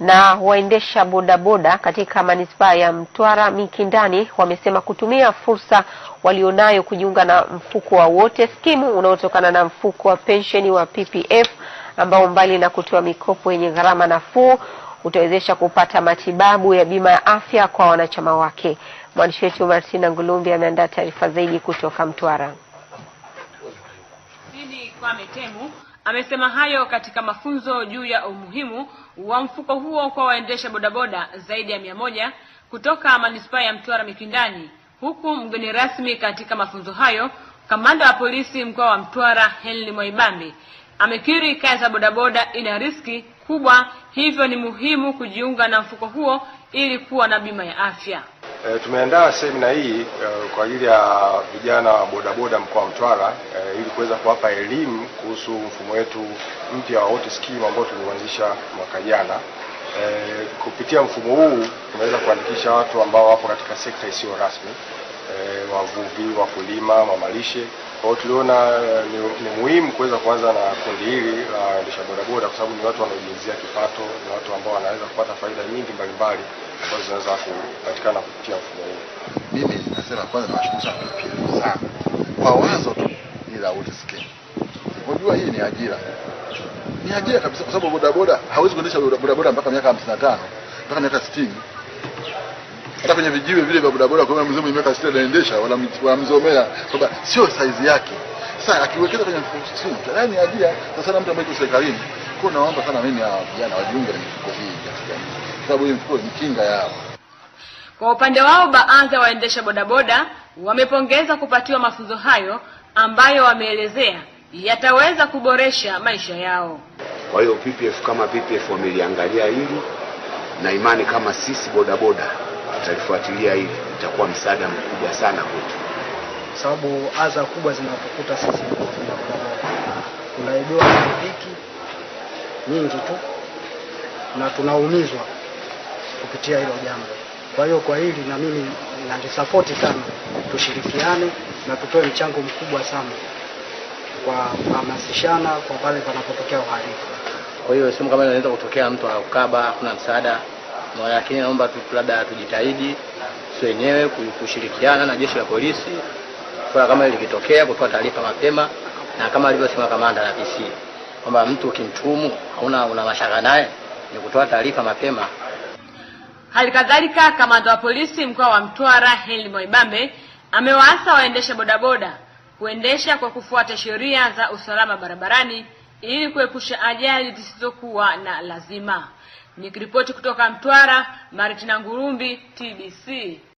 Na waendesha bodaboda katika manispaa ya Mtwara Mikindani wamesema kutumia fursa walionayo kujiunga na mfuko wa wote, skimu unaotokana na mfuko wa pensheni wa PPF ambao mbali na kutoa mikopo yenye gharama nafuu utawezesha kupata matibabu ya bima ya afya kwa wanachama wake. Mwandishi wetu Martina Ngulumbi ameandaa taarifa zaidi kutoka Mtwara. Mimi Amesema hayo katika mafunzo juu ya umuhimu wa mfuko huo kwa waendesha bodaboda zaidi ya mia moja kutoka manispaa ya Mtwara Mikindani, huku mgeni rasmi katika mafunzo hayo kamanda wa polisi mkoa wa Mtwara Henry Mwaibambe Amekiri kaya za bodaboda ina riski kubwa, hivyo ni muhimu kujiunga na mfuko huo ili kuwa na bima ya afya. E, tumeandaa semina hii e, kwa ajili ya vijana wa bodaboda mkoa wa Mtwara e, ili kuweza kuwapa elimu kuhusu mfumo wetu mpya wa wote scheme ambao tuliuanzisha mwaka jana. E, kupitia mfumo huu tunaweza kuandikisha watu ambao wapo katika sekta isiyo rasmi e, wavuvi, wakulima, mamalishe. Kwa hiyo tuliona eh, ni, ni muhimu kuweza kuanza na kundi hili la waendesha bodaboda kwa sababu ni watu wanaojiingizia kipato, ni watu ambao wanaweza kupata faida nyingi mbalimbali ambazo zinaweza kupatikana kupitia mfumo huu. Mimi nasema kwanza nawashukuru sana sana kwa wazo tu ni la sikia, unajua hii ni ajira ni ajira kabisa, kwa sababu bodaboda hawezi kuendesha bodaboda mpaka miaka hamsini na tano mpaka miaka sitini hata kwenye vijiwe vile vya bodaboda, kwa mzee imeweka sita anaendesha, wanamzomea kwamba sio size yake. Sasa akiwekeza kwenye mfumo yani ajira sasa, na mtu ambaye yuko serikalini, kwa naomba sana mimi na vijana wajiunge na mfuko hii ya kijamii, sababu hii mfuko ni kinga yao. Kwa upande wao, baadhi ya waendesha bodaboda wamepongeza kupatiwa mafunzo hayo ambayo wameelezea yataweza kuboresha maisha yao. Kwa hiyo PPF kama PPF wameliangalia hili na imani kama sisi bodaboda watalifuatilia hivi, itakuwa msaada mkubwa sana kwetu, sababu adha kubwa zinapokuta sisi tunaibiwa pikipiki nyingi tu na tunaumizwa kupitia hilo jambo. Kwa hiyo kwa hili na mimi nalisapoti sana, tushirikiane na tutoe mchango mkubwa sana kwa kuhamasishana kwa pale panapotokea uhalifu. Kwa hiyo simu kama inaweza kutokea mtu anaukaba, hakuna msaada lakini naomba tu labda tujitahidi wenyewe kushirikiana na jeshi la polisi kwa kama ilikitokea kutoa taarifa mapema, na kama alivyosema kamanda la PC kwamba mtu ukimtuhumu hauna una mashaka naye ni kutoa taarifa mapema. Hali kadhalika kamanda wa polisi mkoa wa Mtwara Henry Mwaibambe amewaasa waendesha bodaboda kuendesha kwa kufuata sheria za usalama barabarani ili kuepusha ajali zisizokuwa na lazima. Nikiripoti kutoka Mtwara, Maritina Ngurumbi, TBC.